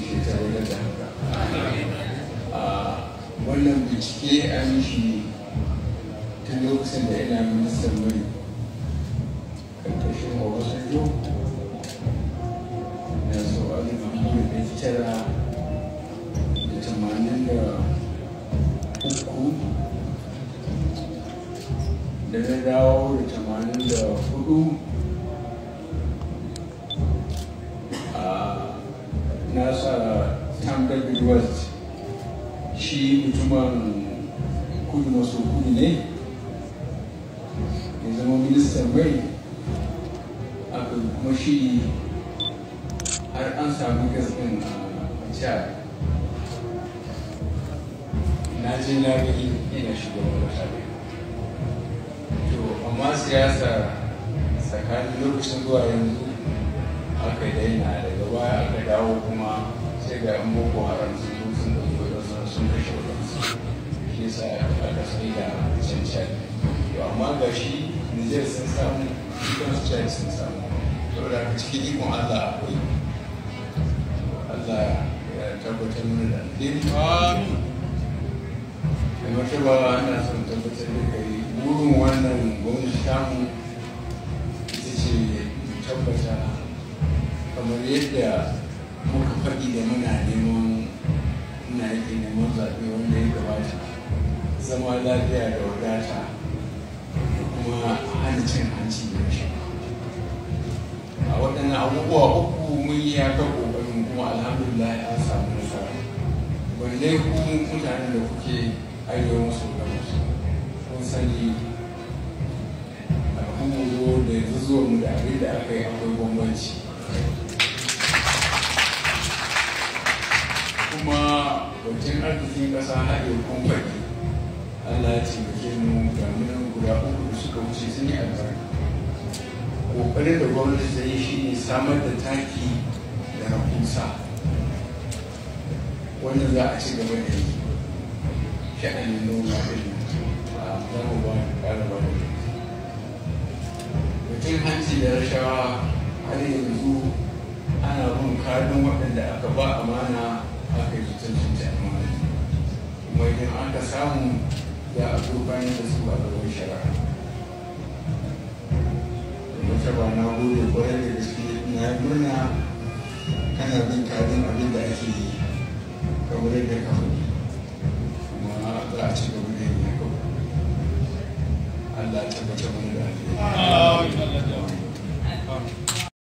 shi ta da haka wannan bincike an shi ta lokacin da ina ministan mai karkashin obasanjo na so a zuwa biyu da tara da tamanin da uku da na dawo da tamanin da hudu west shi mutumin kudu maso kudu ne ya zama ministan mai aka kuma shi har an sami gaskin a na je na bi ina shugaban wata to amma siyasa tsakanin lokacin zuwa yanzu aka daina daga baya aka dawo kuma sai ga yan boko haram sun zo sun da zuwa sun kashe wadansu shi yasa aka sai da cancan to amma ga shi Nijar sun samu shi kansu Chad sun samu To da ka cikin ikon Allah akwai Allah ya tabbatar mana da alheri amin da martaba ana son tabbatar da kai burin wannan gwamnati tamu ita ce tabbata kamar yadda muka faɗi da muna neman muna yake neman zaɓe wanda ya gabata zama lafiya da wadata da kuma hana cin hanci da shi a waɗannan abubuwa uku mun yi haka kan ƙoƙarin kuma alhamdulillah ya samu nasara balle ku mutanen da kuke arewa maso gabas kun sani al'ummu da yanzu zuwa mu da abin da aka yi akwai bambanci kuma wajen arzikin kasa haɗe kun faɗi allah ya ke mu ga guda uku da suka wuce sun yi albarka ƙoƙarin da gwamnati ta yi shi ne samar da taki da rahusa wanda za a ci gaba da yi sha'anin noma ɗin a zama ba da ƙara ba da mutum hanci da rashawa har yanzu ana bin kadin waɗanda aka ba amana aka fi cancanta amana kuma idan aka samu bayan da su a gaban shari'a wata ba na gode kwarai da gaske na nuna kana bin kadin abin da ake yi kamar yadda ka faɗi kuma za a ci gaba da yin Allah ya tabbatar da